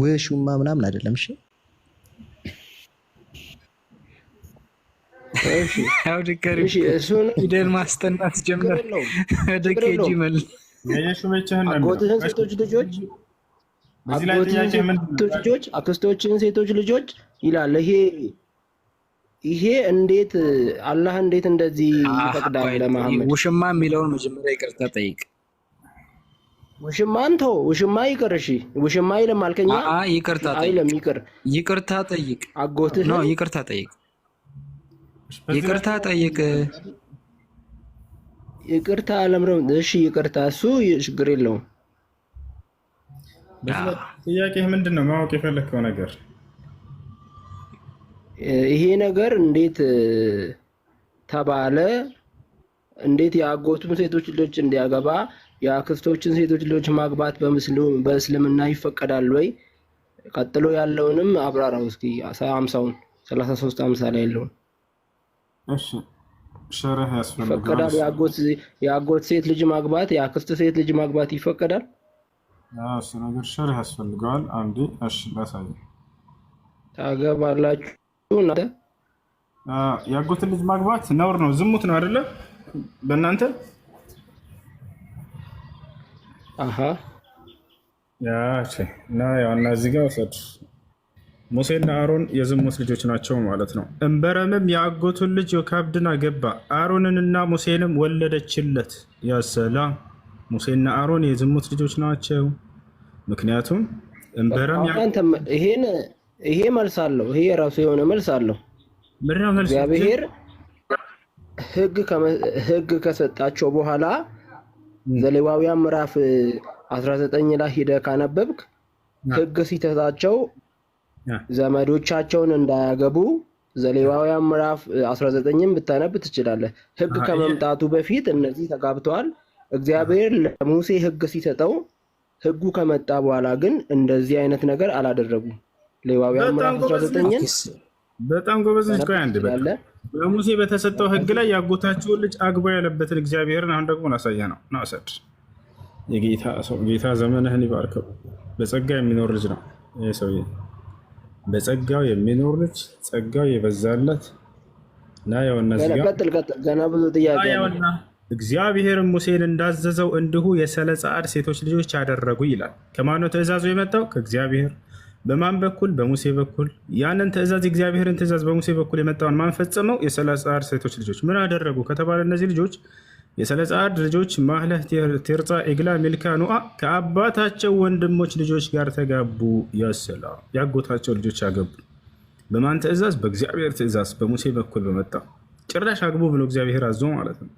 ውሹማ ምናምን አይደለም። እሺ ያው ፊደል ማስጠናት ጀምር። ወደ ኬጂ መል አጎትህን ሴቶች ልጆች ሴቶች ልጆች ይላል ይሄ ይሄ እንዴት አላህ እንዴት እንደዚህ ይፈቅዳል? ለመሐመድ ውሽማ የሚለውን መጀመሪያ ይቅርታ ጠይቅ። ውሽማን ተው፣ ውሽማ ይቅር። እሺ ውሽማ አይልም አልከኛ። ይቅርታ አይልም፣ ይቅር፣ ይቅርታ ጠይቅ። አጎትህ ነው፣ ይቅርታ ጠይቅ፣ ይቅርታ ጠይቅ፣ ይቅርታ አለምረው። እሺ ይቅርታ፣ እሱ ችግር የለውም። ጥያቄህ ምንድን ነው? ማወቅ የፈለግከው ነገር ይሄ ነገር እንዴት ተባለ? እንዴት የአጎቱም ሴቶች ልጅ እንዲያገባ የአክስቶችን ሴቶች ልጆች ማግባት በእስልምና ይፈቀዳል ወይ? ቀጥሎ ያለውንም አብራራው እስኪ ሀምሳውን ሰላሳ ሶስት ሀምሳ ላይ ያለውን ይፈቀዳል። የአጎት ሴት ልጅ ማግባት የአክስት ሴት ልጅ ማግባት ይፈቀዳል። እሱ ነገር ሸርህ ያስፈልገዋል። አንዴ እሺ፣ ላሳይ ታገባላችሁ እናንተ የአጎትን ልጅ ማግባት ነውር ነው፣ ዝሙት ነው አይደለ በእናንተ እና ያውና እዚህ ጋር ውሰዱ። ሙሴና አሮን የዝሙት ልጆች ናቸው ማለት ነው። እንበረምም የአጎቱን ልጅ ዮካብድን አገባ፣ አሮንንና ሙሴንም ወለደችለት። ያሰላ ሙሴና አሮን የዝሙት ልጆች ናቸው። ምክንያቱም እንበረም ይሄ መልስ አለው። ይሄ የራሱ የሆነ መልስ አለው። እግዚአብሔር ህግ ከሰጣቸው በኋላ ዘሌዋውያን ምዕራፍ 19 ላይ ሂደህ ካነበብክ ህግ ሲተታቸው ዘመዶቻቸውን እንዳያገቡ ዘሌዋውያን ምዕራፍ 19 ም ብታነብ ትችላለህ። ህግ ከመምጣቱ በፊት እነዚህ ተጋብተዋል። እግዚአብሔር ለሙሴ ህግ ሲሰጠው ህጉ ከመጣ በኋላ ግን እንደዚህ አይነት ነገር አላደረጉም። ሌዋውያን ምዕራፍ 19ን በጣም ጎበዝ ነች። ቆይ አንድ በቃ በሙሴ በተሰጠው ህግ ላይ ያጎታችሁን ልጅ አግባ ያለበትን እግዚአብሔርን አሁን ደግሞ ናሳያ ነው ናሰድ የጌታ ዘመንህን ይባርከው። በጸጋ የሚኖር ልጅ ነው ይህ ሰውዬ። በጸጋው የሚኖር ልጅ ጸጋው የበዛለት እና የሆነ እዚጋ እግዚአብሔርም ሙሴን እንዳዘዘው እንዲሁ የሰለ ጻዕድ ሴቶች ልጆች አደረጉ ይላል። ከማነው ትእዛዙ የመጣው? ከእግዚአብሔር በማን በኩል? በሙሴ በኩል። ያንን ትእዛዝ እግዚአብሔርን ትእዛዝ በሙሴ በኩል የመጣውን ማን ፈጸመው? የሰለጻር ሴቶች ልጆች። ምን አደረጉ ከተባለ እነዚህ ልጆች የሰለጻር ልጆች ማህለህ፣ ቴርጻ፣ ኤግላ፣ ሚልካ፣ ኑአ ከአባታቸው ወንድሞች ልጆች ጋር ተጋቡ። ያሰላ ያጎታቸው ልጆች አገቡ። በማን ትእዛዝ? በእግዚአብሔር ትእዛዝ በሙሴ በኩል በመጣ ጭራሽ አግቡ ብሎ እግዚአብሔር አዞ ማለት ነው።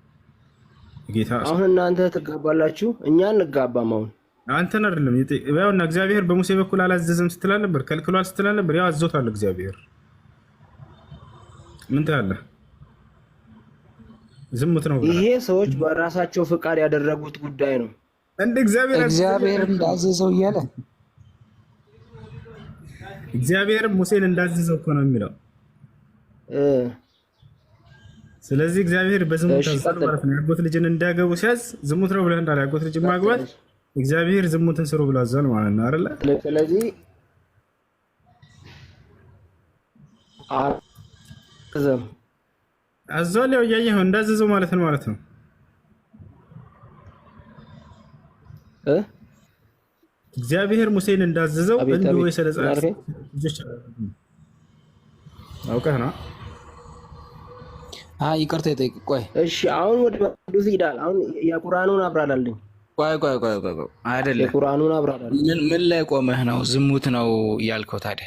ጌታ አሁን እናንተ ትጋባላችሁ፣ እኛ እንጋባም አሁን አንተን አይደለም ያውና እግዚአብሔር በሙሴ በኩል አላዘዘም ስትላል ነበር፣ ከልክሏል ስትላል ነበር። ያው አዘውታል እግዚአብሔር። ምን ትላለህ? ዝሙት ነው ይሄ። ሰዎች በራሳቸው ፍቃድ ያደረጉት ጉዳይ ነው። እንደ እግዚአብሔር እግዚአብሔር እንዳዘዘው እያለ እግዚአብሔርም ሙሴን እንዳዘዘው እኮ ነው የሚለው። ስለዚህ እግዚአብሔር በዝሙት ማለት ነው። ያጎት ልጅን እንዳያገቡ ሲያዝ ዝሙት ነው ብለህ እንዳለ ያጎት ልጅን ማግባት እግዚአብሔር ዝሙትን ስሩ ብሎ አዟል ማለት ነው አይደለ? ስለዚህ አዟል፣ ያው እያየኸው እንዳዘዘው ማለት ነው ማለት ነው እግዚአብሔር ሙሴን እንዳዘዘው እንዲሁ የሰለ አውቀህ ነው። ይቅርታ ይጠይቅ። ቆይ እሺ፣ አሁን ወደ ቅዱስ ይሄዳል። አሁን የቁርአኑን አብራራልኝ ቆይ ቆይ ቆይ ቆይ አይደለም፣ የቁርአኑን ምን ምን ላይ ቆመህ ነው ዝሙት ነው ያልከው? ታዲያ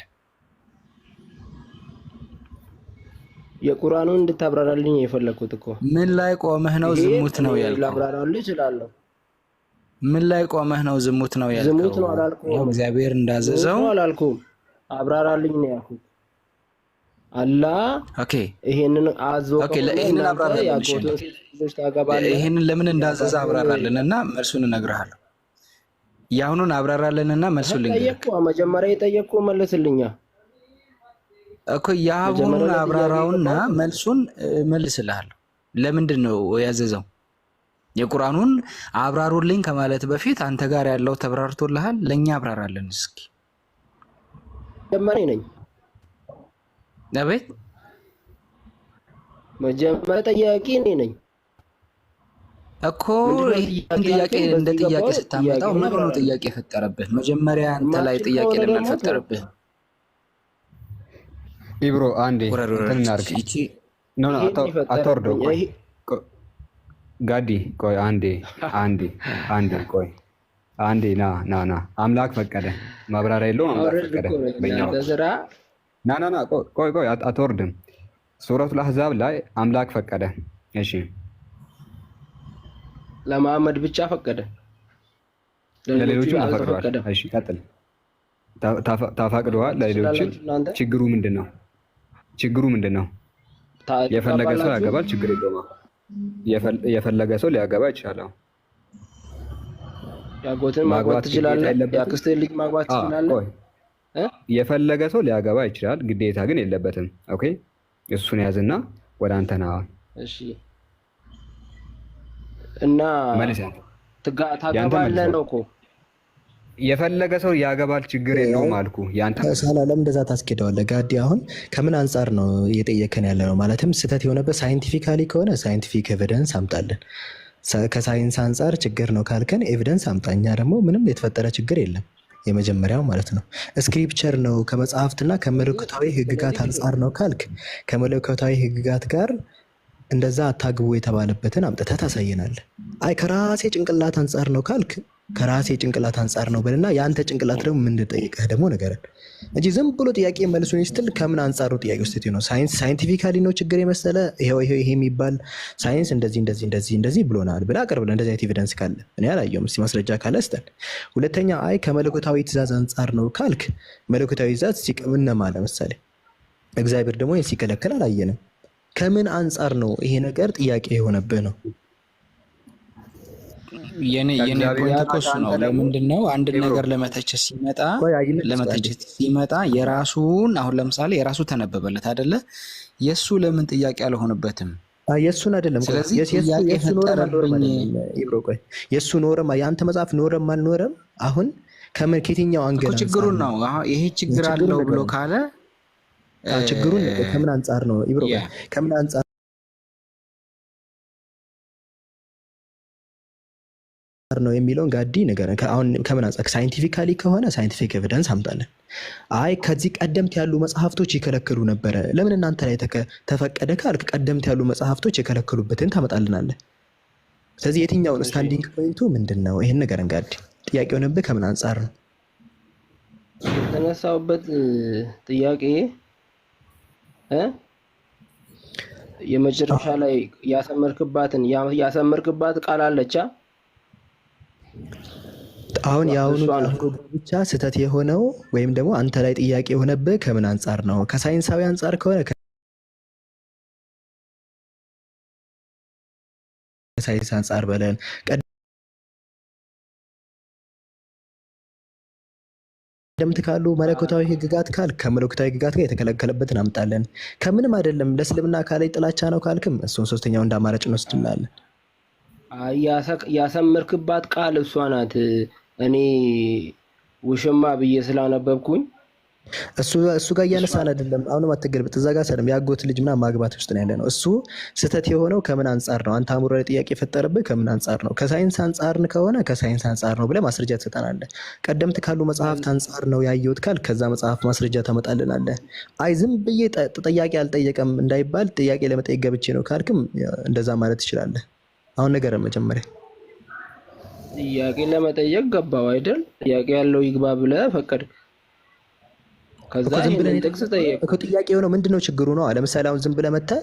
የቁርአኑን እንድታብራራልኝ የፈለግኩት እኮ ምን ላይ ቆመህ ነው ዝሙት ነው ያልከው? ላብራራልህ እችላለሁ። ምን ላይ ቆመህ ነው ዝሙት ነው ያልከው? ዝሙት ነው አላልኩም። እግዚአብሔር እንዳዘዘው አላልኩም። አብራራልኝ ነው ያልኩት። አላህ ይሄንን አዞ ይሄንን ለምን እንዳዘዘ አብራራለን እና መልሱን እነግርሃለሁ። የአሁኑን አብራራለን እና መልሱን ልንገርህ። መጀመሪያ የጠየቅኩ መልስልኛ እኮ የአሁኑን አብራራውና መልሱን መልስልሃለሁ። ለምንድን ነው ያዘዘው? የቁርአኑን አብራሩልኝ ከማለት በፊት አንተ ጋር ያለው ተብራርቶልሃል። ለእኛ አብራራልን እስኪ። ጀመሪ ነኝ አቤት መጀመሪያ ጠያቂ እኔ ነኝ እኮ ይህን ጥያቄ እንደ ጥያቄ ስታመጣው ምንድን ነው ጥያቄ የፈጠረብህ? መጀመሪያ አንተ ላይ ጥያቄ ለምን አልፈጠረብህም? ኢብሮ አንዴ እናድርግ። ኖ ኖ አትወርደው። ቆይ ጋዲ ቆይ አንዴ አንዴ አንዴ ቆይ አንዴ ና ና ና አምላክ ፈቀደ ማብራሪያ የለውም። አምላክ ፈቀደ በእኛ ናናና ቆይ ቆይ አትወርድም። ሱረቱል አህዛብ ላይ አምላክ ፈቀደ። እሺ ለመሐመድ ብቻ ፈቀደ፣ ለሌሎችም ተፈቅደዋል። ታፋቅደዋል ለሌሎች። ችግሩ ምንድን ነው? ችግሩ ምንድን ነው? የፈለገ ሰው ያገባል፣ ችግር የለውም። የፈለገ ሰው ሊያገባ ይችላል። ያጎትን ማግባት ትችላለህ፣ ያክስትን ልጅ ማግባት ትችላለህ። የፈለገ ሰው ሊያገባ ይችላል፣ ግዴታ ግን የለበትም። ኦኬ እሱን ያዝና ወደ አንተ ና። እሺ እና ታገባለህ ነው እኮ የፈለገ ሰው ያገባል፣ ችግር የለውም አልኩ። ያንተሳላ ለምን እንደዛ ታስኬደዋለህ? ጋዲ አሁን ከምን አንጻር ነው እየጠየከን ያለ ነው? ማለትም ስህተት የሆነበት ሳይንቲፊካሊ ከሆነ ሳይንቲፊክ ኤቪደንስ አምጣልን። ከሳይንስ አንጻር ችግር ነው ካልከን ኤቪደንስ አምጣ። እኛ ደግሞ ምንም የተፈጠረ ችግር የለም። የመጀመሪያው ማለት ነው። ስክሪፕቸር ነው ከመጽሐፍትና ከመለኮታዊ ህግጋት አንጻር ነው ካልክ ከመለኮታዊ ህግጋት ጋር እንደዛ አታግቡ የተባለበትን አምጥተህ ታሳየናለህ። አይ ከራሴ ጭንቅላት አንጻር ነው ካልክ ከራሴ ጭንቅላት አንጻር ነው በልና የአንተ ጭንቅላት ደግሞ ምን እንደጠየቀህ ደግሞ ነገርን እንጂ ዝም ብሎ ጥያቄ መልሱ ስትል ከምን አንጻሩ ጥያቄ ውስጥ ነው። ሳይንስ ሳይንቲፊካሊ ነው ችግር የመሰለ ይሄ የሚባል ሳይንስ እንደዚህ እንደዚህ እንደዚህ እንደዚህ ብሎናል ብለህ አቅርብልህ። እንደዚህ አይነት ኤቪደንስ ካለ እኔ አላየሁም። እስኪ ማስረጃ ካለ ስጠን። ሁለተኛ አይ ከመለኮታዊ ትእዛዝ አንጻር ነው ካልክ መለኮታዊ ትእዛዝ ሲቀምነማ ለምሳሌ እግዚአብሔር ደግሞ ሲከለከል አላየንም። ከምን አንጻር ነው ይሄ ነገር ጥያቄ የሆነብህ ነው። የኔ ፖይንት እኮ እሱ ነው። ለምንድን ነው አንድን ነገር ለመተቸት ሲመጣ ለመተቸት ሲመጣ የራሱን አሁን ለምሳሌ የራሱ ተነበበለት አይደለ? የእሱ ለምን ጥያቄ አልሆንበትም? የእሱን አይደለም። የእሱ ኖረም የአንተ መጽሐፍ ኖረም አልኖረም አሁን ከምን ከየትኛው አንገር ችግሩን ነው ይሄ ችግር አለው ብሎ ካለ ችግሩን ከምን አንጻር ነው ኢብሮ ከምን አንጻር ነው የሚለውን ጋዲ ንገረን። አሁን ከምን አንጻር ሳይንቲፊካሊ ከሆነ ሳይንቲፊክ ኤቪደንስ አምጣለን። አይ ከዚህ ቀደምት ያሉ መጽሐፍቶች ይከለክሉ ነበረ። ለምን እናንተ ላይ ተፈቀደ ካልክ ቀደምት ያሉ መጽሐፍቶች የከለከሉበትን ታመጣልናለ። ስለዚህ የትኛውን ስታንዲንግ ፖይንቱ ምንድን ነው? ይህን ነገር ጋዲ። ጥያቄ ብህ ከምን አንጻር ነው የተነሳውበት ጥያቄ የመጨረሻ ላይ ያሰመርክባትን ያሰመርክባት ቃል አለቻ አሁን የአሁኑ ብቻ ስህተት የሆነው ወይም ደግሞ አንተ ላይ ጥያቄ የሆነብህ ከምን አንጻር ነው? ከሳይንሳዊ አንጻር ከሆነ ከሳይንስ አንጻር በለን። ቀደምት ካሉ መለኮታዊ ህግጋት ካል ከመለኮታዊ ህግጋት ጋር የተከለከለበትን አምጣለን። ከምንም አይደለም። ለእስልምና ካለ ጥላቻ ነው ካልክም እሱን ሶስተኛው እንደ አማራጭ እንወስድላለን። ያሰምርክባት ቃል እሷ ናት። እኔ ውሽማ ብዬ ስላነበብኩኝ እሱ ጋር እያነሳን አይደለም። አሁን አትገልብጥ፣ እዛ ጋር ሰለም የአጎት ልጅ ምናምን ማግባት ውስጥ ነው ያለ ነው። እሱ ስህተት የሆነው ከምን አንጻር ነው? አንተ አእምሮ ላይ ጥያቄ የፈጠረብህ ከምን አንጻር ነው? ከሳይንስ አንጻርን ከሆነ ከሳይንስ አንጻር ነው ብለህ ማስረጃ ትሰጠናለህ። ቀደምት ካሉ መጽሐፍት አንጻር ነው ያየሁት ካል ከዛ መጽሐፍ ማስረጃ ታመጣልናለህ። አይ ዝም ብዬ ተጠያቂ አልጠየቀም እንዳይባል ጥያቄ ለመጠየቅ ገብቼ ነው ካልክም እንደዛ ማለት ትችላለህ። አሁን ነገር መጀመሪያ ጥያቄ ለመጠየቅ ገባው አይደል? ጥያቄ ያለው ይግባ ብለህ ፈቀድክ። ከዛ ዝም ብለህ ጥቅስ ጠየቅ እኮ ጥያቄ የሆነው ምንድነው ችግሩ ነው። ለምሳሌ አሁን ዝም ብለህ መተህ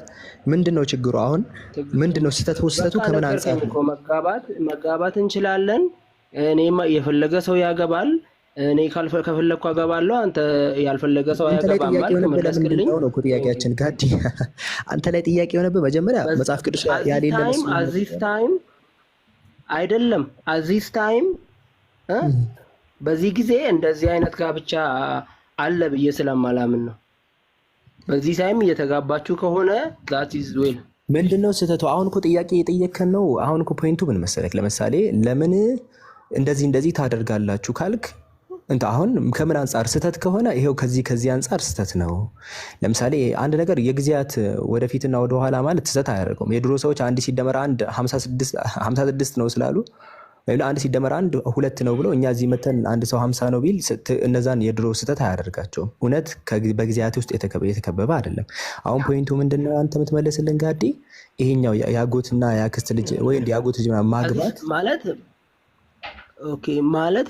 ምንድነው ችግሩ አሁን ምንድነው ስህተት ስህተቱ ከምን አንጻር ነው? መጋባት መጋባት እንችላለን። እኔማ የፈለገ ሰው ያገባል እኔ ከፈለግኩ አገባለሁ። አንተ ያልፈለገ ሰው አያገባም። ጥያቄያችን ጋዲ አንተ ላይ ጥያቄ የሆነብህ መጀመሪያ መጽሐፍ ቅዱስ ያሌለ አዚስ ታይም አይደለም። አዚስ ታይም በዚህ ጊዜ እንደዚህ አይነት ጋብቻ አለ ብዬ ስለማላምን ነው። በዚህ ታይም እየተጋባችሁ ከሆነ ዛት ኢዝ ምንድን ነው ስህተቱ? አሁን እኮ ጥያቄ የጠየከን ነው። አሁን እኮ ፖይንቱ ምን መሰለክ፣ ለምሳሌ ለምን እንደዚህ እንደዚህ ታደርጋላችሁ ካልክ እንት አሁን ከምን አንጻር ስህተት ከሆነ ይሄው ከዚህ ከዚህ አንጻር ስህተት ነው። ለምሳሌ አንድ ነገር የጊዜያት ወደፊትና ወደኋላ ማለት ስህተት አያደርገውም። የድሮ ሰዎች አንድ ሲደመር አንድ ሀምሳ ስድስት ነው ስላሉ ወይም አንድ ሲደመር አንድ ሁለት ነው ብሎ እኛ እዚህ መተን አንድ ሰው ሀምሳ ነው ቢል እነዛን የድሮ ስህተት አያደርጋቸውም። እውነት በጊዜያት ውስጥ የተከበበ አይደለም። አሁን ፖይንቱ ምንድነው? አንተ የምትመለስልን ጋዲ ይሄኛው የአጎትና የአክስት ልጅ ወይ የአጎት ልጅ ማግባት ማለት ማለት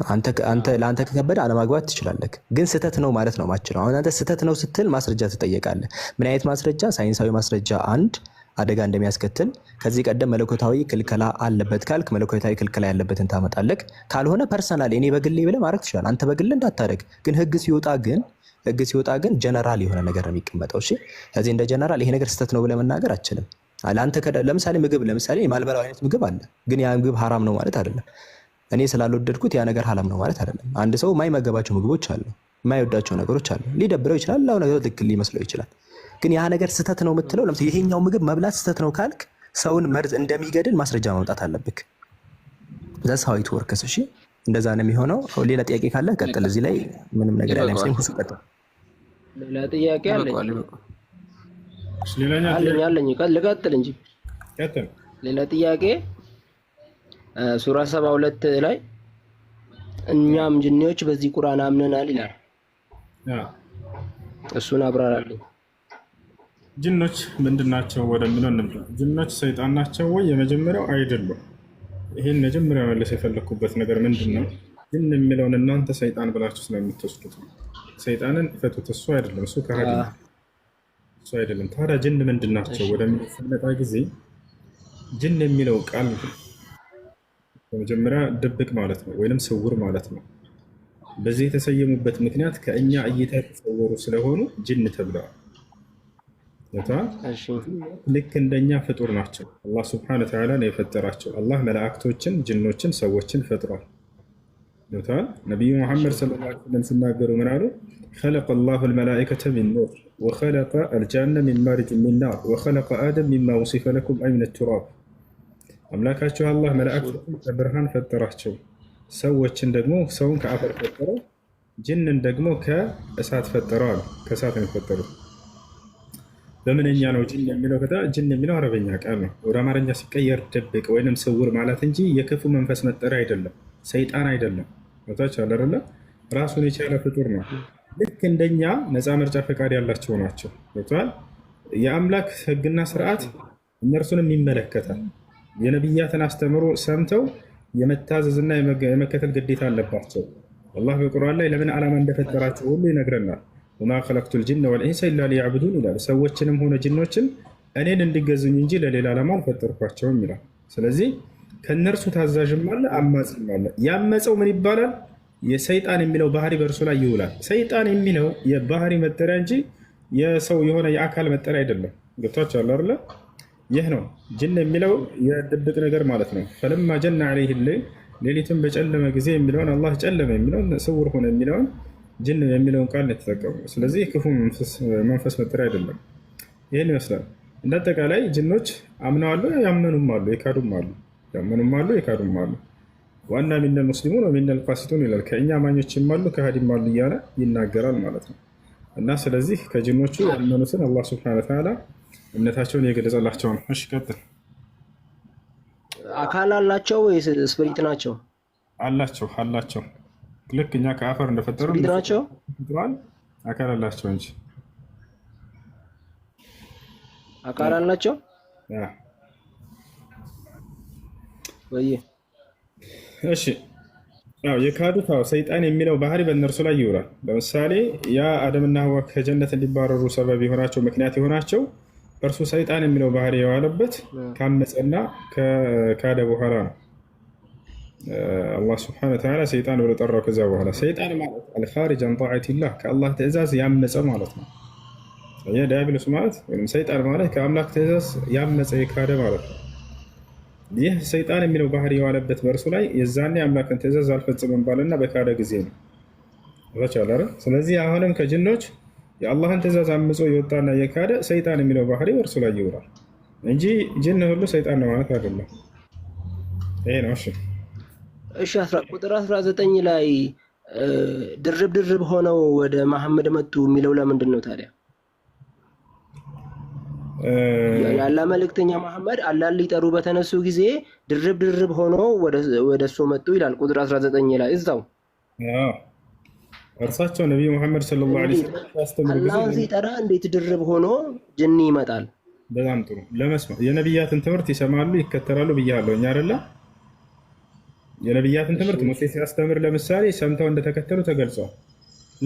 ለአንተ ከከበደ አለማግባት ትችላለህ። ግን ስህተት ነው ማለት ነው ማችለው። አሁን አንተ ስህተት ነው ስትል ማስረጃ ትጠየቃለህ። ምን አይነት ማስረጃ? ሳይንሳዊ ማስረጃ አንድ አደጋ እንደሚያስከትል ከዚህ ቀደም መለኮታዊ ክልከላ አለበት ካልክ መለኮታዊ ክልከላ ያለበትን ታመጣለህ። ካልሆነ ፐርሰናል እኔ በግሌ ብለህ ማድረግ ትችላለህ። አንተ በግሌ እንዳታደርግ ግን ህግ ሲወጣ ግን ህግ ሲወጣ ግን ጀነራል የሆነ ነገር ነው የሚቀመጠው። እሺ ከዚህ እንደ ጀነራል ይሄ ነገር ስህተት ነው ብለህ መናገር አችልም። ለምሳሌ ምግብ ለምሳሌ የማልበላው አይነት ምግብ አለ፣ ግን ያ ምግብ ሀራም ነው ማለት አይደለም። እኔ ስላልወደድኩት ያ ነገር ሀላም ነው ማለት አይደለም። አንድ ሰው የማይመገባቸው ምግቦች አሉ፣ የማይወዳቸው ነገሮች አሉ። ሊደብረው ይችላል፣ ላው ነገር ልክ ሊመስለው ይችላል። ግን ያ ነገር ስህተት ነው የምትለው ለምሳሌ ይሄኛው ምግብ መብላት ስህተት ነው ካልክ ሰውን መርዝ እንደሚገድል ማስረጃ ማምጣት አለብክ። ዘስ ሀዊት ወርክስ። እሺ እንደዛ ነው የሚሆነው። ሌላ ጥያቄ ካለ ቀጥል። እዚህ ላይ ምንም ነገር ያለ ምስሌ ሁሱ ቀጥል። ሌላ ጥያቄ አለኝ አለኝ ልቀጥል እንጂ ሌላ ጥያቄ ሱራ ሰባ ሁለት ላይ እኛም ጅኒዎች በዚህ ቁርአን አምነናል ይላል። እሱን አብራራለሁ። ጅኖች ምንድን ናቸው ወደሚለው እንምጣ። ጅኖች ሰይጣን ናቸው ወይ? የመጀመሪያው አይደሉም። ይህን መጀመሪያ መለስ የፈለግኩበት ነገር ምንድን ነው? ጅን የሚለውን እናንተ ሰይጣን ብላችሁ ስለምትወስዱት ሰይጣንን ፈቱት። እሱ አይደለም፣ እሱ ከሃዲ እሱ አይደለም። ታዲያ ጅን ምንድን ናቸው ወደሚለው ስንመጣ ጊዜ ጅን የሚለው ቃል በመጀመሪያ ድብቅ ማለት ነው ወይም ስውር ማለት ነው። በዚህ የተሰየሙበት ምክንያት ከእኛ እይታ የተሰወሩ ስለሆኑ ጅን ተብለዋል። ልክ እንደኛ ፍጡር ናቸው። አላህ ስብሐነ ወተዓላ ነው የፈጠራቸው። አላህ መላእክቶችን፣ ጅኖችን፣ ሰዎችን ፈጥሯል። ነቢዩ ሙሐመድ ሰለላሁ ዐለይሂ ወሰለም ሲናገሩ ምን አሉ? خلق الله الملائكة من نور وخلق الجنة من مارج من نار وخلق آدم مما وصف لكم أي من አምላካቸው አላህ መላእክት ከብርሃን ፈጠራቸው። ሰዎችን ደግሞ ሰውን ከአፈር ፈጠረው፣ ጅንን ደግሞ ከእሳት ፈጠረዋል። ከእሳት ነው የፈጠሩ። በምንኛ ነው ጅን የሚለው? ከዛ ጅን የሚለው አረበኛ ቃል ነው። ወደ አማርኛ ሲቀየር ድብቅ ወይንም ስውር ማለት እንጂ የክፉ መንፈስ መጠሪያ አይደለም፣ ሰይጣን አይደለም። ታች አለ ራሱን የቻለ ፍጡር ነው። ልክ እንደኛ ነፃ ምርጫ ፈቃድ ያላቸው ናቸው። ገብተዋል። የአምላክ ህግና ስርዓት እነርሱንም ይመለከታል። የነቢያትን አስተምሮ ሰምተው የመታዘዝና የመከተል ግዴታ አለባቸው። አላህ በቁርአን ላይ ለምን ዓላማ እንደፈጠራቸው ሁሉ ይነግረናል። ወማ ከለቅቱ ልጅነ ወልኢንሳ ኢላ ሊያዕቡዱን ይላል። ሰዎችንም ሆነ ጅኖችን እኔን እንዲገዙኝ እንጂ ለሌላ ዓላማ አልፈጠርኳቸውም ይላል። ስለዚህ ከእነርሱ ታዛዥም አለ፣ አማጽም አለ። ያመፀው ምን ይባላል? የሰይጣን የሚለው ባህሪ በእርሱ ላይ ይውላል። ሰይጣን የሚለው የባህሪ መጠሪያ እንጂ የሰው የሆነ የአካል መጠሪያ አይደለም። ገብቷቸዋል አይደለ? ይህ ነው ጅን የሚለው የድብቅ ነገር ማለት ነው። ፈለማ ጀነ ዓለይህ ሌሊትን በጨለመ ጊዜ የሚለውን አላህ ጨለመ የሚለውን ስውር ሆነ የሚለውን ጅን የሚለውን ቃል የተጠቀሙ። ስለዚህ ክፉ መንፈስ መጠሪያ አይደለም። ይህን ይመስላል። እንደ አጠቃላይ ጅኖች አምነዋሉ፣ ያምነኑም አሉ፣ የካዱም አሉ፣ ያመኑም አሉ፣ የካዱም አሉ። ዋና ሚነል ሙስሊሙን ወሚነል ቃሲጡን ይላል። ከእኛ አማኞችም አሉ ከሃዲም አሉ እያለ ይናገራል ማለት ነው። እና ስለዚህ ከጅኖቹ ያመኑትን አላህ ስብሐነ ወተዓላ እምነታቸውን የገለጸላቸው ነው። እሺ ቀጥል። አካል አላቸው ወይስ ስፕሪት ናቸው? አላቸው አላቸው። ልክ እኛ ከአፈር እንደፈጠሩ ናቸው። አካል አላቸው እንጂ አካል አላቸው ወይ? እሺ አዎ የካዱት ሰይጣን የሚለው ባህሪ በእነርሱ ላይ ይውላል። ለምሳሌ ያ አደምና ህዋ ከጀነት እንዲባረሩ ሰበብ የሆናቸው ምክንያት የሆናቸው እርሱ ሰይጣን የሚለው ባህሪ የዋለበት ካመፀና ከካደ በኋላ ነው። አላህ ስብሐነሁ ወተዓላ ሰይጣን ብሎ ጠራው። ከዛ በኋላ ሰይጣን ማለት አልኻሪጅ አን ጣዓቲላህ ከአላህ ትእዛዝ ያመፀ ማለት ነው። ዲያብሎስ ማለት ወይም ሰይጣን ማለት ከአምላክ ትእዛዝ ያመፀ የካደ ማለት ነው። ይህ ሰይጣን የሚለው ባህሪ የዋለበት በእርሱ ላይ የዛኔ አምላክን ትእዛዝ አልፈጽምም ባለና በካደ ጊዜ ነው። ስለዚህ አሁንም ከጅኖች የአላህን ትእዛዝ አምጾ የወጣና የካደ ሰይጣን የሚለው ባህሪ በእርሱ ላይ ይውራል እንጂ ጅን ሁሉ ሰይጣን ነው ማለት አይደለም። ይሄ ነው። እሺ፣ እሺ። ቁጥር 19 ላይ ድርብ ድርብ ሆነው ወደ መሐመድ መጡ የሚለው ለምንድን ነው ታዲያ? ያለ መልእክተኛ መሐመድ አላህን ሊጠሩ በተነሱ ጊዜ ድርብ ድርብ ሆኖ ወደ እሱ መጡ ይላል ቁጥር 19 ላይ እዛው እርሳቸው ነቢዩ መሐመድ ሰለላሁ ዐለይሂ ወሰለም ያስተምሩ ጊዜ አላህ ሲጠራ እንዴት ድርብ ሆኖ ጅኒ ይመጣል። በጣም ጥሩ ለመስማት የነቢያትን ትምህርት ይሰማሉ፣ ይከተላሉ ብያለሁ። እኛ አይደለ የነቢያትን ትምህርት ሙሴ ሲያስተምር ለምሳሌ ሰምተው እንደተከተሉ ተገልጿል።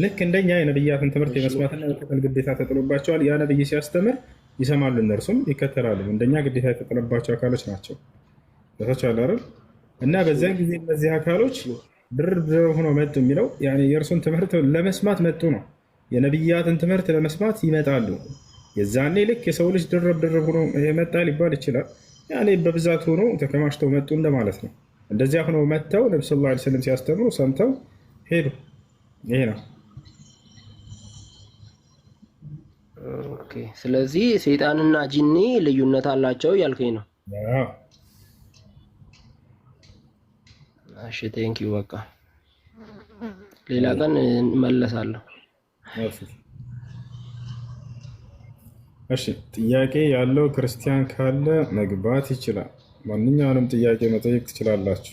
ልክ እንደኛ የነቢያትን ትምህርት የመስማትና የመከተል ግዴታ ተጥሎባቸዋል። ያ ነብይ ሲያስተምር ይሰማሉ፣ እነርሱም ይከተላሉ። እንደኛ ግዴታ የተጠለባቸው አካሎች ናቸው። ታቸዋል አይደል እና በዚያን ጊዜ እነዚህ አካሎች ብር ሆኖ መጡ የሚለው የእርሱን ትምህርት ለመስማት መጡ ነው። የነቢያትን ትምህርት ለመስማት ይመጣሉ። የዛኔ ልክ የሰው ልጅ ድርብ ድርብ ሆኖ መጣ ሊባል ይችላል። ያኔ በብዛት ሆኖ ተከማችተው መጡ እንደማለት ነው። እንደዚያ ሆኖ መጥተው ነብ ላ ስለም ሲያስተምሩ ሰምተው ሄዱ። ይሄ ነው። ስለዚህ ሰይጣንና ጂኒ ልዩነት አላቸው እያልከኝ ነው። እሺ ዩ በቃ ሌላ ቀን እመለሳለሁ። እሺ ጥያቄ ያለው ክርስቲያን ካለ መግባት ይችላል። ማንኛውንም ጥያቄ መጠየቅ ትችላላችሁ።